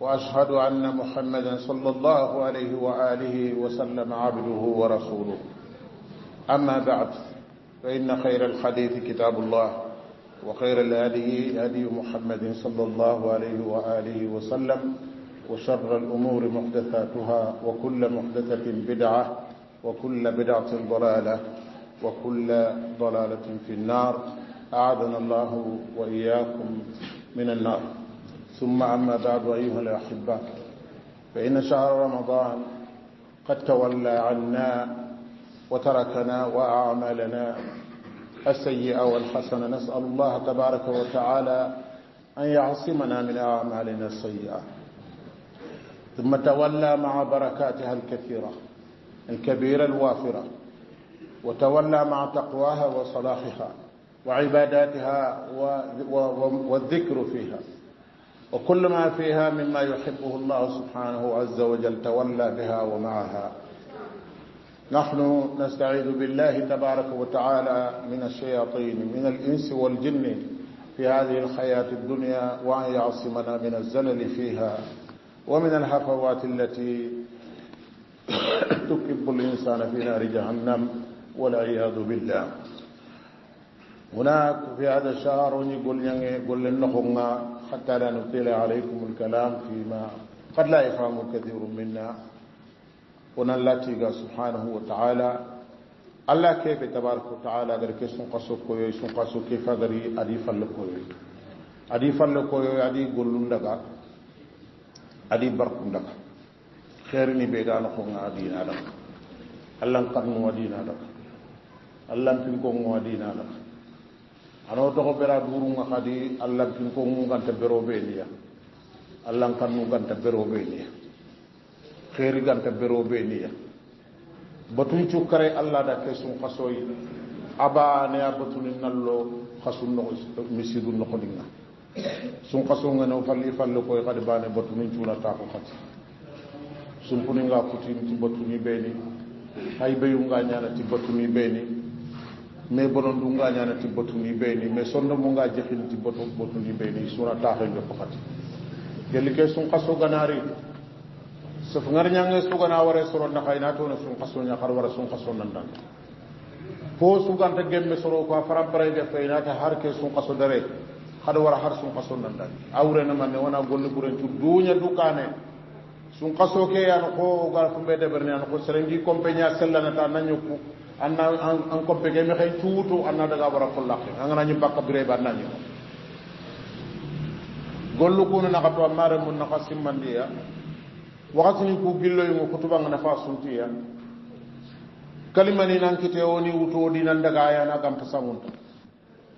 وأشهد أن محمدا صلى الله عليه وآله وسلم عبده ورسوله أما بعد فإن خير الحديث كتاب الله وخير الهدي هدي محمد صلى الله عليه وآله وسلم وشر الأمور محدثاتها وكل محدثة بدعة وكل بدعة ضلالة وكل ضلالة في النار أعاذنا الله وإياكم من النار ثم عما بعد أيها الأحبة فإن شهر رمضان قد تولى عنا وتركنا وأعمالنا السيئة والحسنة نسأل الله تبارك وتعالى أن يعصمنا من أعمالنا السيئة ثم تولى مع بركاتها الكثيرة الكبيرة الوافرة وتولى مع تقواها وصلاحها وعباداتها والذكر فيها وكل ما فيها مما يحبه الله سبحانه عز وجل تولى بها ومعها نحن نستعيذ بالله تبارك وتعالى من الشياطين من الإنس والجن في هذه الحياة الدنيا وأن يعصمنا من الزلل فيها ومن الهفوات التي تكب الإنسان في نار جهنم والعياذ بالله هناك في هذا الشهر يقول يقول حتى لا نطيل عليكم الكلام فيما قد لا يفهم كثير منا ونلاتيغا سبحانه وتعالى الله كيف تبارك وتعالى اگر کے قصو کوئی سن قصو کی فدری أديفا لكوي کوئی ادی فل کوئی ادی گلندگا ادي خيرني بيدان خونا أدينا دك الله قد مو دينا دك الله تنكو مو ano dogo bera duru nga kadi allah kin ko ngun ganta bero be niya allah kan ngun ganta bero be niya khairi ganta bero be niya batun cukare allah da ke sun fasoyi aba ne abatun nallo khasun no misidu no kodinga sun khaso nga no falli falli ko kadi bane batun cuna ta ko khati sun kuninga kuti batuni be ni hay be yunga nyaana ti batuni be ni ne bonon du nga ñaanati botu ni bay ni mais sonna mo nga jexil ci botu botu ni bay ni sura taxe ñu ko xati gel ke sun xasu ganari suf ngar ñanga su gana waré sura na xayna to na sun xasu ñu xar waré sun xasu nan dan ko su ganta gemme soro ko fara bare de fayna ta har ke sun xasu dare xad war har sun xasu nan dan awre na man ne wana gonne buren ci duña du kané sun xasu ke ya ko gal fu mbé de berne an ya ko serengi kompenya sel la na ta nañu ko anna an koppe ke xey tuutu anna daga wara ko nga anganañi bakka bi reba nañu gollu ko na kunu naxa to amma remu naxa simmandiya waxatini ku gilloyungu kutubanga nafa suntiya kalimani nan kite woni wuto di nan daga ya na gam tasamun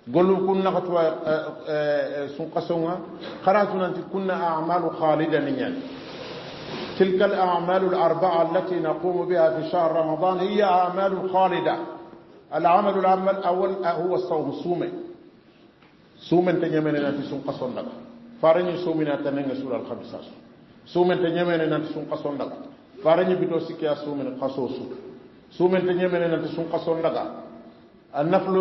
gollu ko na kun naxa tuwa eh, eh, eh, sunqasonga xara tunanti kunna amalu khalidan ni ñani تلك الأعمال الأربعة التي نقوم بها في شهر رمضان هي أعمال خالدة العمل العمل الأول آه، هو الصوم صومي صوم تنيمين نانتي سون قصون لك فارني سومنا تنين سورة الخمسة صوم تنيمين نانتي سون قصون لك فارني بدو سكيا سومن قصو صوم سومن تنيمين نانتي سون قصون لك النفل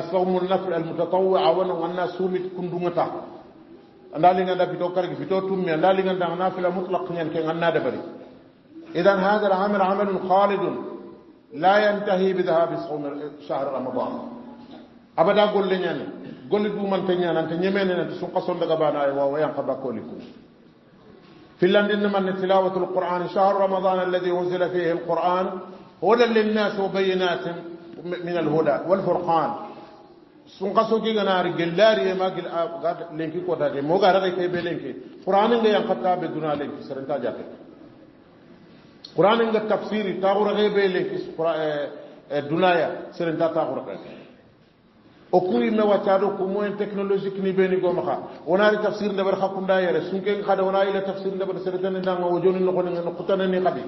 الصوم النفل المتطوع وانا وانا سومت كندومتا anda linganda fito kargi fito tummi anda linganda nafila mutlaq nyen ken anna dabari idan hadha al-amal amalun khalidun la yantahi bi dhahab shahr ramadan abada golle nyane golle du man te nyana te nyemene nan su qason daga bana ay wa yan qabakoliku fillandin man tilawatul qur'an shahr ramadan alladhi unzila fihi al-qur'an hudan lin-nas wa bayyinatin min al-huda wal-furqan sun kaso ki gana ri gellari e magil ga lenki ko tade mo gara ke be lenki qur'an ngi yang fatta be duna lenki serenta jate qur'an ngi tafsiri ta gura be lenki dunaya serenta ta gura ke o kuri na waccaɗo ko moyen technologique ni ɓeni goma xa wonaari tafsir ndeɓer xa kunda yere sunken xade wona yila tafsir ndeɓer seretane ndanga wo joni noxonenga no xutanani xadi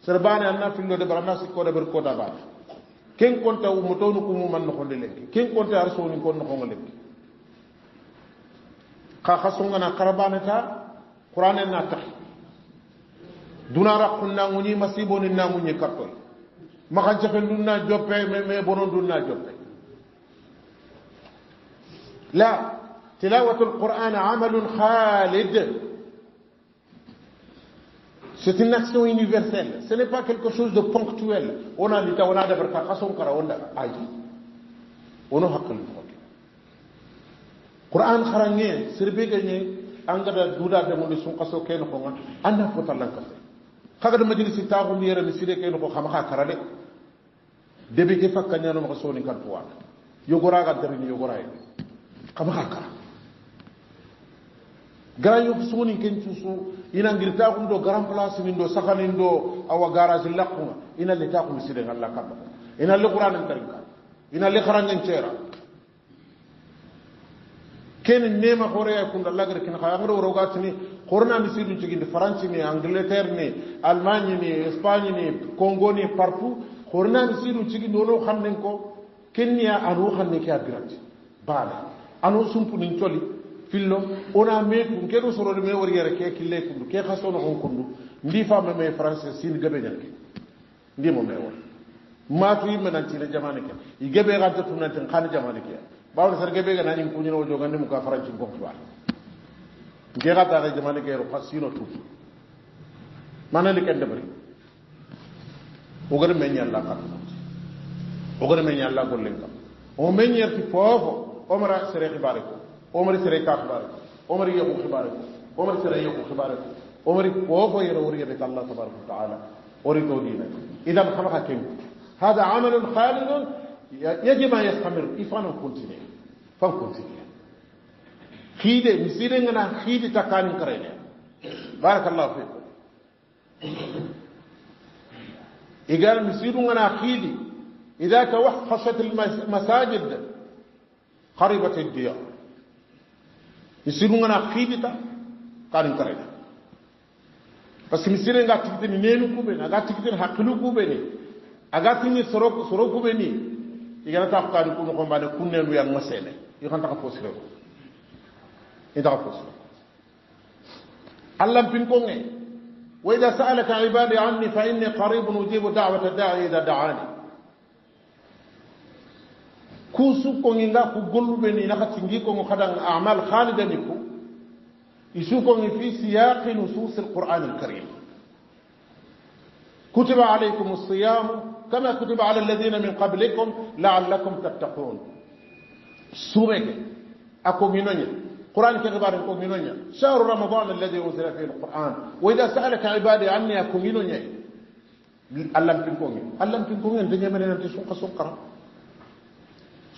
sere bane anna fillo deɓer anna sikko deɓer kota bane كين كنت أو متون كم من نقول لك كين كنت أرسل من كن نقول لك خاصون أنا كربانة تا قرآن الناتح دونا رقنا نعوني مسيبون نعوني كتوي ما كان شكل دونا جوبة م م بون دونا جوبة لا تلاوة القرآن عمل خالد C'est une action universelle. Ce n'est pas quelque chose de ponctuel. On a dit, on a d'abord pas façon kara, on a aïe. On a hakkan fok. Quran kharangé, sirbe gagné, angada douda de mon son kaso ken ko ngan, anna fota lanka. ka de majlisi ta ko mi yere mi sire ken ko xama khara de. Debi ke fakka nyano ma ko soni kan tuwa. Yogora ga darin yogora yi. Xama khara. gara yof suni ken cusu ina ngirta ko do garan place ni do sakanin do awa garage lakuma ina le ta kum sire ngalla kam ina le qur'an en karim ina le qur'an en cera ken nema hore ay kun Allah gar kin khaya ngoro roga tini qur'an mi sidu ci gindi france ni angleterre ni almagne ni espagne ni congo ni partout qur'an mi sidu gindi dono xamnen ko ken a anu xamne ke adirati bala anu sumpu ni toli fillo ona me kum keɗo sorode me wori yere ke kille kundu ke hasono kon kundu ndi famme me français sin gebe ke ndi mo me won matu yimme nantine jamane ke i gebe geɓe xante tum nanten xane jamane ke bawde sar gebe ga geɓe ganañin kuñino o jogandi mu ka farancin kontuwa nke xa taxe jamane ke ro xa sino tum mana li ken deɓri wogana meñi alla kam wogana meñi alla gollen kam o meñerti foofo omara sere xibaare ko عمر سري كخبارك عمر يبو خبارك عمر سري يبو خبارك عمر وقف يروري بيت الله تبارك وتعالى أريد دينه إذا خبرها كم هذا عمل خالد يجب أن يستمر إفنا كونتين فان كونتين خيد مسيرنا خيد تكاني كرينا بارك الله فيك إذا مسيرنا خيد إذا توحشت المساجد قريبة الديار misiru ngana khibita kanin karega parce que misiru nga tikiti ni nenu kube na ga tikiti ni hakilu kube ni aga tini soroku soroku kube ni igana ta khadi ko ko mbade kunenu ya masele yi xanta ko sire ko e da ko sire allah bin ko ngé wa idha sa'alaka ibadi anni fa inni qaribun ujibu da'wata da'i idha da'ani da kusu kongi nga ku golluɓe ni naka tingi kongo hadan amal halidani ku isu kongi fi siyaqi nusus alquran alkarim كتب عليكم الصيام كما كتب على الذين من قبلكم لعلكم تتقون سورك أكو منونيا قرآن كغبار أكو منونيا شهر رمضان الذي أنزل فيه القرآن وإذا سألك عبادي عني أكو منونيا ألم تنكوني ألم تنكوني أنت من أنت سوق سوقرا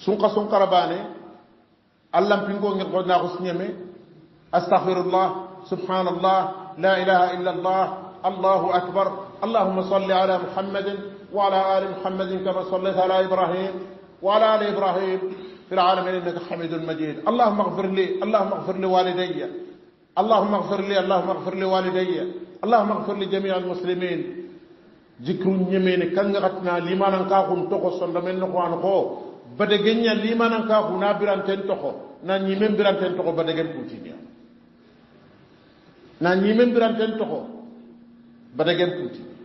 sunka sunkara bane allan pingo ngel أستغفر الله سبحان الله لا إله إلا الله الله أكبر اللهم صل على محمد وعلى ال محمد كما صليت على ابراهيم وعلى ال ابراهيم في العالمين انك حميد مجيد اللهم اغفر لي اللهم اغفر لوالدي اللهم اغفر لي اللهم اغفر لوالدي اللهم اغفر لجميع المسلمين ذكر يمين كان غتنا ننقاكم كاكم تقصن من نقوان badegen ña limananka xuna biranten toxo na ñimen biranten toxo badegen kuntinia na ñimen biranten toxo badegen kuntinia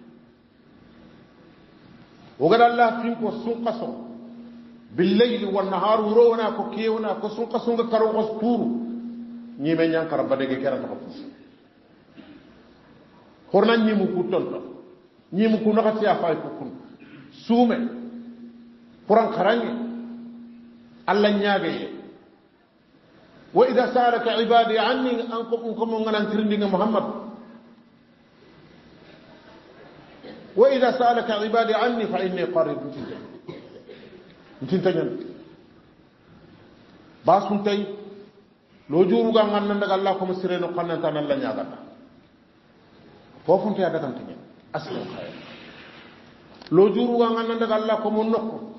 wogada la finko sunqa song billayli wannahar wuro wona ko kee wona ko sunqa sunga karo xos tuuru ñimen ñankara badege kera toxo pus horna ñimu ku tonto ñimu ku naxa siya fay fukkun suume poran xarange allah ñaageye wa ida salaka ibadi anni ankomo ganantirndinga mouhammadou wa ida salaka ibadi anni fa inni qarib ntinta ntintañan basum tay lo juruga gannandaga allah komo sireno kannantan allah ñaganna fofunteya dagantañan aslan hayr lo juruga gannandaga allah komo nokko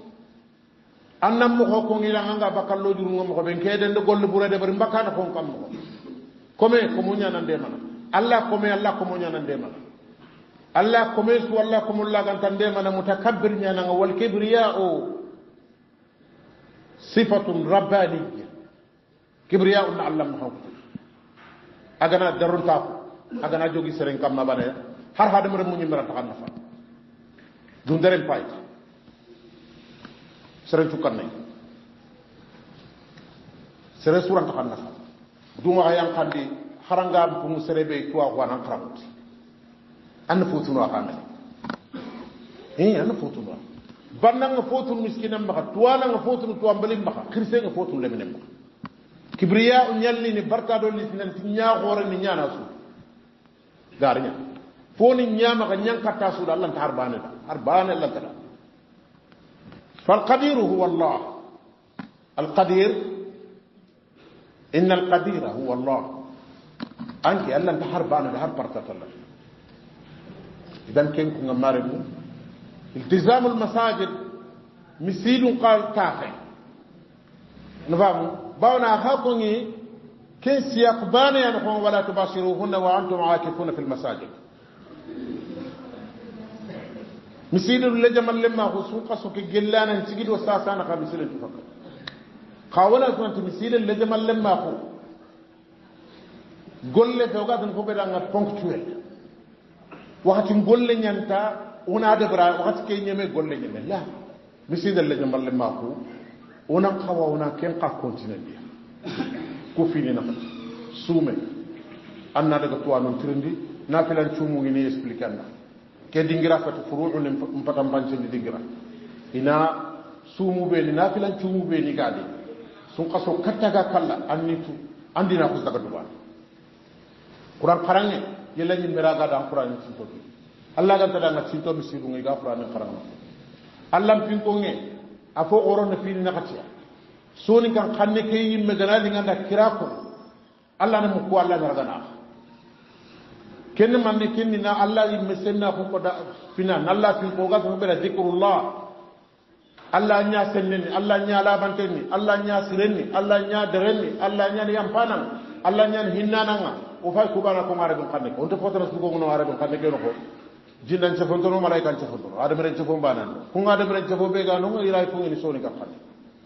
annan mogo kongilaxanga bakkallo jurunga mogo ɓen keedende golle ɓurade bari mbakkana kon kam mogo comme komo ñanandemana allah comme allah komo ñanandemana allah come su allah komollaganta ndemana mutakabbir ñananga walkibriya o sifatun rabbaniya kibriya un allah mahanko agana darrontako agana jogi seren kam maɓanaya har hademre muñimmira taxa nafa dunderen payta serigne fukkan nañ sere surat xam na xam duma wax yang xam di xaranga bu mu sere be ko wax wana xaramut an fu tunu xam ni eh, an fu tunu ban nga fu tunu miskinam ba to wana nga fu tunu to ambali ba xirse nga fu tunu lemene ba kibriya ñalli ni barka do nit nan ci ñaaxoor ni ñaana su daar ñaa fo ni ñaama ka ñankata su da lan tarbaane da arbaane lan tarbaane فالقدير هو الله القدير إن القدير هو الله أنت ألا أنت حرب أنا لحرب الله إذا كان كنا ماربو التزام المساجد مثيل قال تافه نفهم باونا هاكوني إيه؟ كن سياق بانيا ولا تباشروهن وأنتم عاكفون في المساجد misilin la jaman le ma su ka so ke gellanan sigi do sasa na ka misilin tu fakka khawala so anti misilin la jaman le ma ko golle to ga tan ko be danga ponctuel wakati golle nyanta ona de bra wakati ke nyeme golle nyeme la misilin la jaman le ma ko ona khawa ona ken ka continue dia ko fini na sume anna daga tuwa non trindi na filan cumu ngini expliquer na ke dingira fati furu'u ne mpata mbancendi dingira ina suumuɓeeni nafilan cuumuɓeeni gaadi sun kaso kattaga kalla anni tu andina ko saga dubaani quran karange yella ñimmiraagaada an qurani sintoki allah gantadaanga sintomi siruŋe ga qurani karanga allah pinkonge a fo oronno fiini nakatiya sooni kan kanne ke yimme ganaadi ganda kira kono allah ne mu ko allah ne raganaa kenni ni kenni na allah yi mese senna konko da fina na nalla fin koga fo ɓeɗa dicrullah allah senne ni allah ña ni allah siren ni allah ña ni allah ñani yampanan allah hinna ñani hinnananga o fay bana kon ara ɗum kanne ke onto fotana sugogono ara ɗum kanne keno ko bana cefontono malaykan adam re ce fon be ga no ɓeganoga iray fo eni soni ka kanne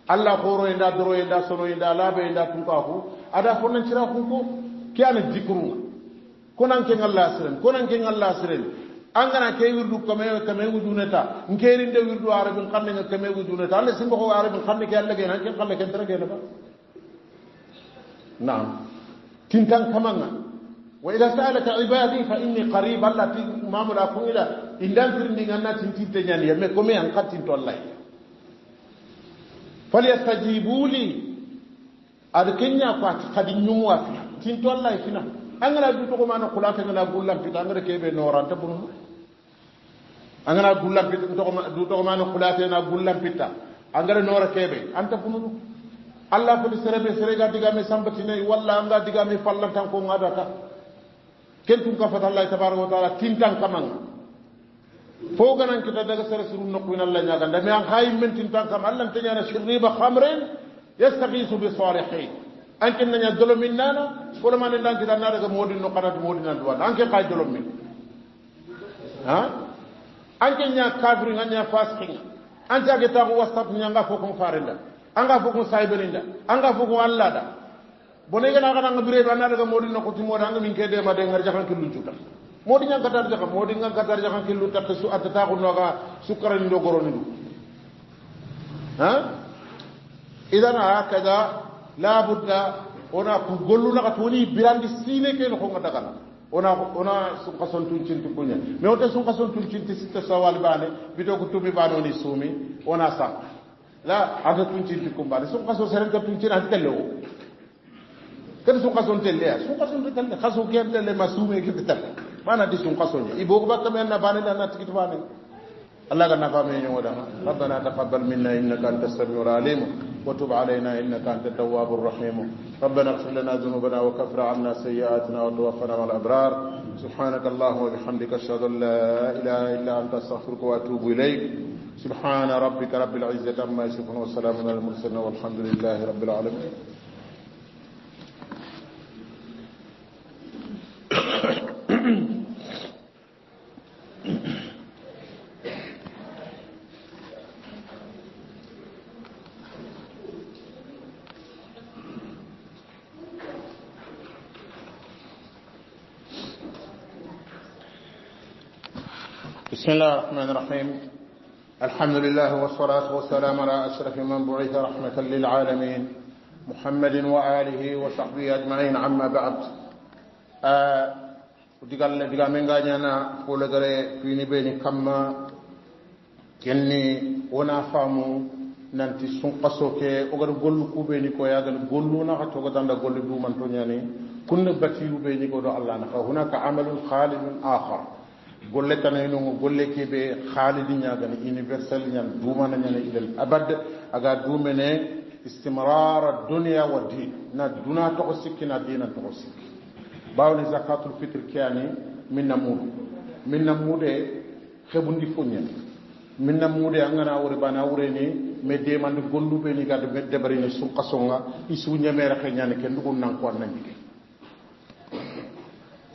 allah koro e nda doro e nda sono e da laaɓa e nda ku ko ada fonnancira kun ko ke kiyana dicruga konanke ngalla siren konanke ngalla siren angana ke wirdu kame kame wuduneta nkerinde wirdu arabin xanne nga kame wuduneta alle simbo ko arabin xanne ke alle gena ke xalle ken tere gena ba naam tintan kamanga wa ida sa'alaka ibadi fa inni qarib alla ti mamula ko ila indan firndi ganna tintinte nyani yemme ko me an qatinto allah falyastajibu li ad kenya ko ati kadi nyumu afi tinto allah fina angana du togo mana kula ke ngana gulam pita ngare kebe noran ta bunu angana gulam pita togo du togo mana kula ke na gulam pita angare nora kebe anta bunu allah ko serebe serega diga me sambatine walla anga diga me fallantan ko ngada ta ken tun ka fata allah tabaraka wa taala tintan kamang fo ganan kita daga sere suru nokwin allah nyaga ndame an khaym men tintan kam allah tanya na shirriba khamrin yastaqisu bi salihin anke naña dolomin nana folemane ndankita nadaga moodin no kanatu moodinan duwana anke ka dolomin ha anke nya kafiri nga ña anja anti age taxu whatsapp nga fokum farinda anga fokum saybeninda anga fokum allada bona igana xananga bireedu ana daga moodin no koti mooda nga min ke ma de ngar jaxan killu cuta moodi ña gatar jaxa moodi nga gatar jaxan killu taqe su attataxunoga sukkarani ndo goroni du ha idan hakada la budda ona ko gollunakat woni birandi siile keno konga dagana ona ona sunka sontun cinti kuña mais wonte sunka sontun cinti sitta sawal bane bito ko tumi bane woni suumi ona sa la anta tun cinti kum bane sunka so serenka tun cin anta telle o kadi sunka son telleya sunka sonte telle kaso kem telle ma suume kete telle manati sunka soñe i bogo bakkame anna bane le anna tigiti bane allah ganna fame ñogodama rabbana taqabbal minna innaka anta samiu alalim وتب علينا إنك أنت التواب الرحيم ربنا اغفر لنا ذنوبنا وكفر عنا سيئاتنا وتوفنا مع الأبرار سبحانك اللهم وبحمدك أشهد أن لا إله إلا أنت أستغفرك وأتوب إليك سبحان ربك رب العزة عما يصفون وسلام على المرسلين والحمد لله رب العالمين بسم الله الرحمن الرحيم الحمد لله والصلاة والسلام على أشرف من بعث رحمة للعالمين محمد وآله وصحبه أجمعين عما بعد آه، ديغال ديغا مينغا جانا فولا غري فيني بيني كما كني ونا فامو نانتي سون قاسوكي اوغار غول كو بيني كو دا غول دو مانتو ياني كن باتيو بيني كو الله نا هناك عمل خالد اخر golle tanaynogo golle keɓe haalidi ñagana universel ñan dumana ñana ilal abad aga dumene istimrara dunia wa din na duna togo sikki na dina togo sikki bawni zakatul fitre keani min na muuɗu min na muuɗe heɓundi fo ñani min na muuɗe a gana wori bana wureni mais demande golluɓe ni gada med debarine sunka songa i suñamere xeñani ke ndugun nankoan na ñige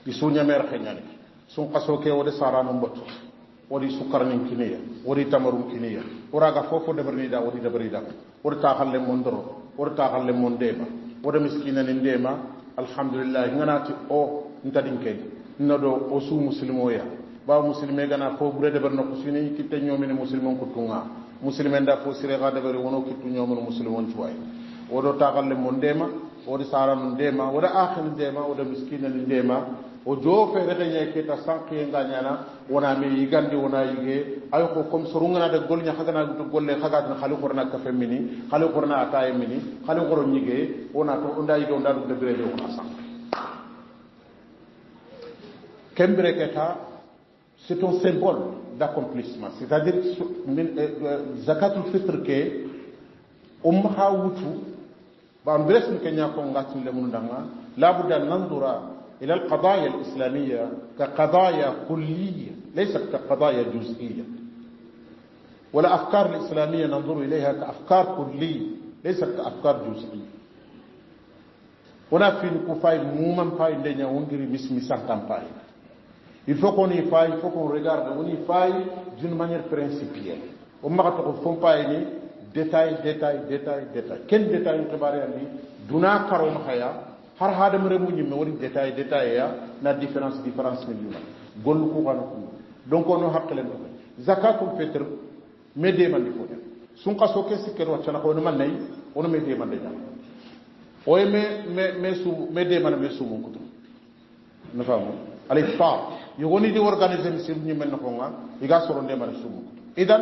i suñamere xeñani ke sun kaso ke wadi saranon batu wadi sukarnin kiniya wadi tamarun kiniya wara ga fofo da birni da wadi da birni da wadi ta halle mon doro wadi ta halle mon dema wadi miskina nin dema alhamdulillah ngana ci o ntadin kay nado o su muslimoya ba muslime gana ko bure da birni kusini kitta nyomin muslimon kutunga muslimen da fo sire ga da bari wono kittu nyomin muslimon tuwai wodo ta halle mon dema wadi saranon dema wadi akhin dema wadi miskina nin dema o jo feere ñe kita sanki nga ñana wona me yigandi wona yige ay ko comme so rungana de gol nya hagana to golle haga tan khali kafe ka xali khali korna ataye mini khali koro ñige wona to onda yige onda dum de bere de wona sanki kembere keta c'est un symbole d'accomplissement c'est-à-dire eh, eh, zakatul fitr ke umma ha wutu ba am mbresmi kenya ko ngatin le mun danga labuda nandura إلى القضايا الإسلامية كقضايا كلية ليست كقضايا جزئية والأفكار الإسلامية ننظر إليها كأفكار كلية ليست كأفكار جزئية هنا في نكوفاي موما فاي لنيا ونجري مس مسانتان فاي il faut qu'on y faille il faut qu'on regarde on y faille d'une manière principielle on m'a dit qu'on ne pas détail détail détail détail quel détail on te parle d'une autre har hada mere mu nyimme woni détail détail ya na différence différence men yuma gol ko kan ko donc on ono hakkelen do zakatul fitr me de man ko def sun qaso ke sikker wa chana ko no man nay on me de man de jam o me me me su me de man me su ko kutu na famu alif ta woni di organiser misir nyimme na ko nga yi ga soro de man su mun kutu idan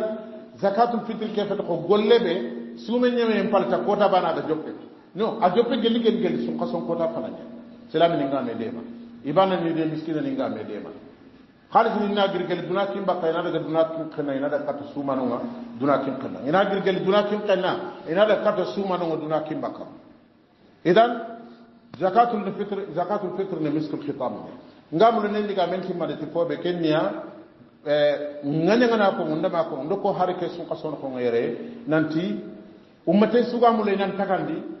zakatul fitr ke fata ko golle be sume ñeme en palta kota bana da jokke no a joppe gelli gel gel sun ka son kota fana nya silami ni ngame dema ibana ni de miskina ni ngame dema khalis ni na gir gel duna kim bakka ina daga duna kim kana ina da kata suma no duna kim kana ina gir gel duna kim kana ina da kata suma no duna kim bakka idan zakatul fitr zakatul fitr ni miskul khitam ngamul ne ndiga men kim made ko be kenya eh, ngane ngana ko ngunda ma ko ndoko harike sun ka son ko ngere nanti ummate sugamule nan takandi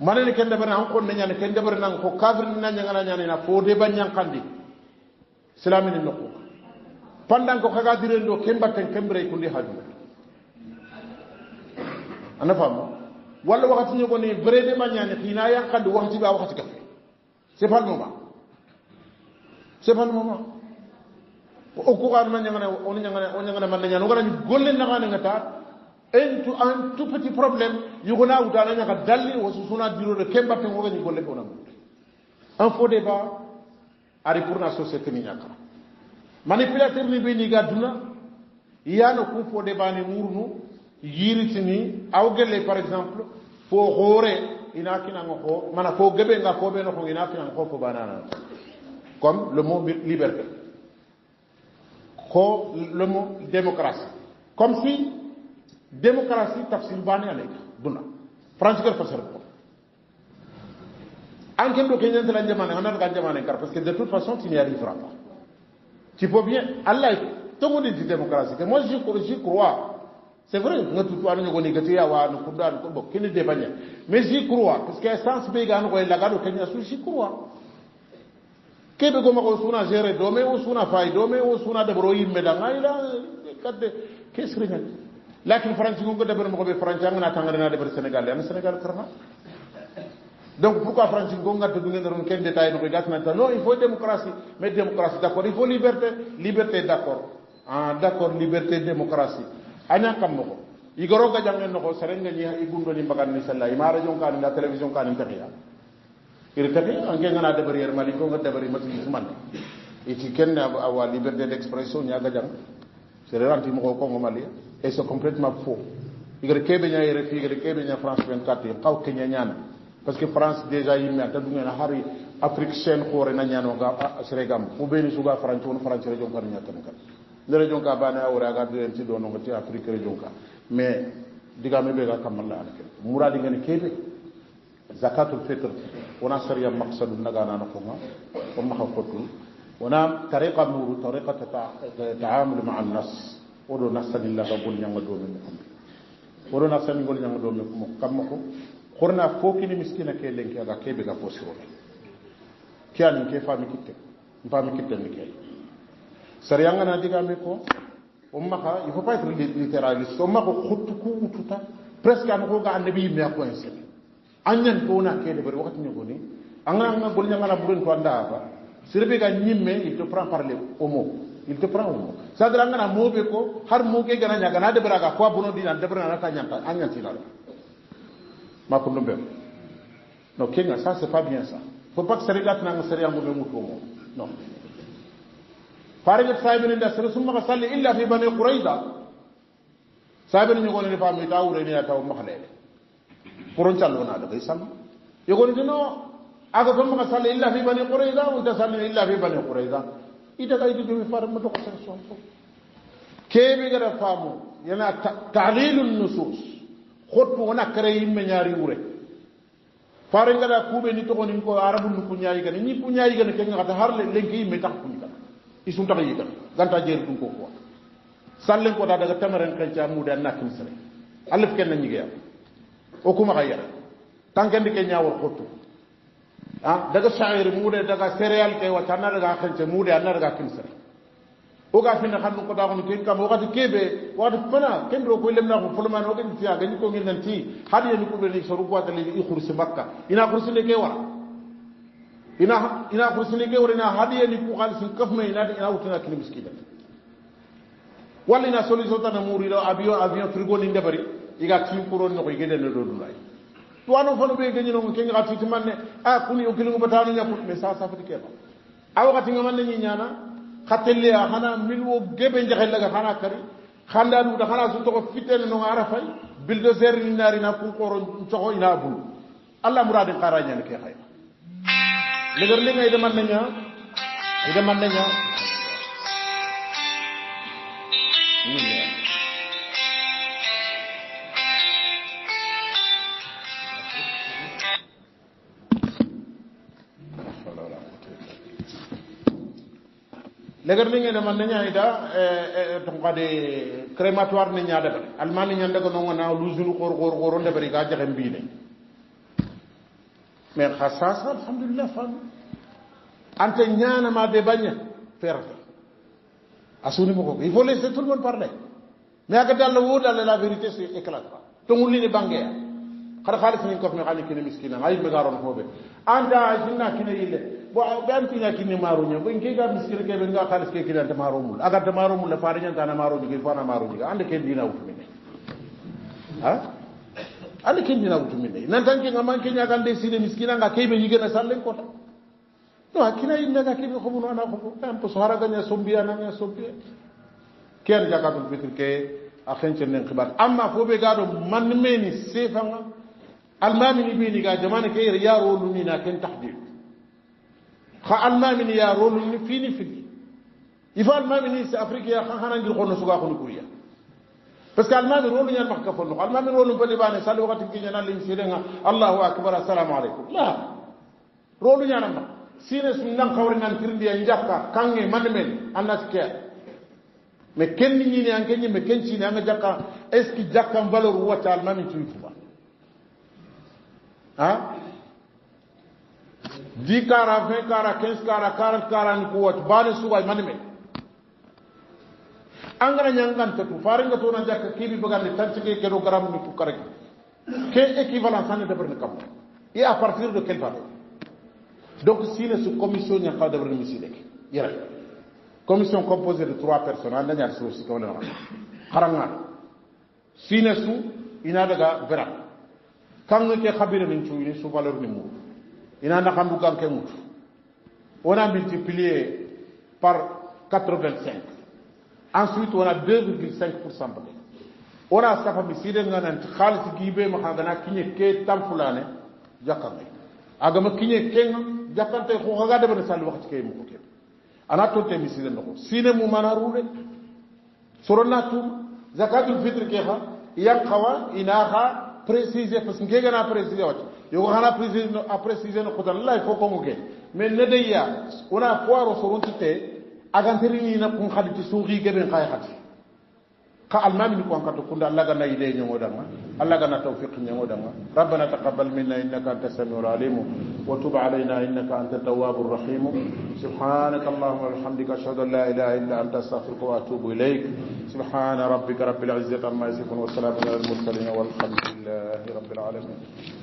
manani ken debare an ko nañani ken debare nan ko kafir nan nya ngana na fo de ban nyang kandi islamin no ko pandan ko kaga dire ndo ken batten ken bre ko li hadu ana fam walla waxati ni ko ni bre de ban nyani fina yang kandi waxati ba waxati ka se fal mo ba se fal mo ma o ko ko man on nyangana on nyangana man nyana ngana golle nyangana ngata un tout petit problème yugona wutana ñaka dalli il y a ken batte ngoga golle un faux débat ari pour na société ni il manipulateur ni be ni gaduna yana ku faux ni wurnu yiritini par exemple fo banana comme le mot liberté ko le mot démocratie comme si demokrasi tafsirbaneale buna franchikar fasara ko anken le kenyan tala jamane onar ga jamane kar parce que de toute façon tu n'y arriveras pas tu peux bien allah tongo di démocratie moi je crois c'est vrai nga tutu anu ñogo ni gati yawa no kudda an ko bok kini de bagna mais j'y crois parce que essence be gan koy laga do kenya sur, j'y crois kebe goma ko suna gérer do mais suna fay do mais suna de bro yimme da ngayla kadde kesre ñak laakin france ngongo dabar mogobe france anga na tangara na dabar senegal ya senegal karma donc pourquoi france ngongo ngata du ngendorum ken detail no gas maintenant non il faut démocratie mais démocratie d'accord il faut liberté liberté d'accord ah d'accord liberté démocratie anya kam noko igoro ga jangne noko serigne ngi ha ibundo ni mbagan ni sallahi ma radio ka ni la télévision ni kan, taxiya ir taxi ngi nga na debar yer mali ko nga debar yi matu man et ci ken na liberté d'expression nya ga jang c'est di mo ko et c'est complètement faux igere kebe nya yere figere kebe nya france 24 yi xaw ke nya ñaan parce que france déjà yi mer da du ngeen xari afrique sen xore na ñaano ga sénégal bu ben su ga france won france région ko ñaan tan kan le région ka bana awra ya ga du ci do no ci afrique région ka mais diga me be ga kamal la ak mourad ngeen kebe zakatul fitr wana sariya maqsad nagana na ko ma ko ma xaw ko tu wana tariqa nuru tariqa ta'amul ma'an nas oɗo nastanillaka gol ñanga domen mo kamɓe oɗo nastanigol ñanga domen mo kamma ko horna fo kini miskina ke lenki aga keɓe ga posirome ke anin ke fami kitte fami kittenni ke sariya ngana digame ko on maxa il faut pas être littéraliste on maxa xuttu ku ututa presque an xoga annabi yimme a coincé a ñan ko wona kede bari waxati ñogoni anga anga gol ñangana ɓuren to anda afa sere be ga ñimme il te prend par les au mot il te prend au mot sadra ngana mo be ko har mo ke gana nyaga na debra ga ko bono dina debra na ta nyanta anya tila ma ko ndombe no kenga ça c'est pas bien ça faut pas que sere la tanga sere ya mo be mutu mo non fareje sahibi nda sere summa ka salli illa fi bani qurayza sahibi ni ngone ni famu tawure ni taw makhale kuron challo na da kai sam ni dino aga dum nga kasala illa fi bani qurayza quraiza utasallima illa fi bani qurayza quraiza ita kaiti dumi farma to kasal sonko kebe gara famu yana ta'lilun nusus khottu wona kare yimme nyaari wure nga da kube ni to ko ko arabu nu kunyayi gane ni ko kunyayi gane ke kenga kata harle lenki yimme tax ko ni kan isum tax yi kan ganta jeer dum ko ko sallen ko da daga tamaren kan ca mu da nakim sare alif ken na ya o kuma gayara tankandi ke nyaawol khottu daga sha'ir mude daga cereal ke wacce anna daga kance mude anna daga kinsa o ga finna hannu ko dagun kin kam wakati kebe wakati fana ken do ko lemna ko fulman o kin tiya gani ko ngin nan ti hadi ni ko be ni soru ko tali i khursi makka ina khursi ne ke wara ina ina khursi ne ke wara ina hadi ni ko khalsi kaf me ina ina utuna kin miskida walla ina solution tan murilo avion avion frigo ni ndabari iga kin kuron no ko igede no do dulai tuwano fana ɓe gañinongo ke gaxa tuiti manne a kun yo kilingo batano ñakun mais sa sa fati safati keɓa gati wakati nga manne ñiñana xa telleya xana min wo geɓe ga khana kari khanda xanda ɗuuta xana sutoxo fitel no ara fay bil zer ni nari na ku koro coxo ina bulu allah muradin qara nyane ke khay legar lenga ida man nanya ida man nanya legarninge man naña ida eh, eh, eh, ton kade crématoire ne ña debari almani ñan daga no ngana lusulu gor gor gor debari ga jaxem bi ne mais khassas alhamdulillah fam ante ñana ma de bagna ferata asuni moko il faut laisser tout le monde parler mais ak dal wo dal la vérité c'est éclate pas li ni bangeya kada khalis min ko mi xani kini miskina ay me garon ko be anda jinna kini ile bo am tina kini maru nya bo ngi ga miskina ke be nga khalis ke kini maru mul aga da maru mul faare nya tana maru jigi faana maru jigi anda ke dina wutu min ha anda ke dina wutu min nan tan ke ngaman ke nya kan de sine miskina nga ke be yige na sallen ko ta no akina inna ga ke be ko mun ana ko am po sohara ga nya sombiya na nya sombiya ken jakatul fitr ke akhen chen nen khibar amma fo be ga do man meni sefanga المامن بين قال جمان كير يا رول منا كن تحديد خا المامن يا رول من فين فين يفا المامن في افريقيا خا خانا نجي خونا سوغا خونا كوريا باسكو المامن رول نيان مخ كفن خا المامن بلي بان سالي وقت كي نان لي سيرنا الله اكبر السلام عليكم لا رول نيان ما سينس من نان خورنا نتريديا نجاكا كانغي من من الناس كير مي كين ني ني ان كين مي كين جاكا اسكي جاكا فالور واتال مامن تشوفوا ah? dix car à vingt car à quinze car à quarante car à niku wati bani sugay mani me angara ñangante tu faringa tona jakka kibi bagandi tansike keno garam ni ku karagi ke équivalence ane debrni kam et à partir de quelle valeur donc sine su commission ñaka debrni misileke yere commission composée de trois personnes anda ñar suuf si kawle xaranga sine su ina daga kanga ke khabira nin cuini su valeur ni mu ina na xambu kan ke mutu on a multiplié par 85 ensuite on a 2,5% on a safa mi side nga nan khalis gibe ma xanga na kinye ke tam fulane jakame aga ma kinye ke jakante ko xaga de ben sal waxti ke mu ko ke ana to te mi side ndoko sine mu mana rude sorona tu zakatul fitr ke ha yakhawa inaha préciser parce que ngege na préciser wacce yogo xana préciser no a préciser no xutan lay fo kongo ke mais ne dey ya ona foiro soronti te aganteri ni na kun xadi ti suuxi geben xay xati ka almamini kuwankato kunda allah gana yide ñogodanga allah gana tawfiq ñogodanga rabbana taqabbal minna innaka anta samiu lalimu wa tub alayna innaka anta tawabu rahimu subhanaka allahuma bihamdika ashhadu an la ilaha illa anta astaghfiruka wa atubu ilayk subhana rabbika rabbil izzati amma yasifun wasalamun ala almursalin walhamdulillahi rabbil alamin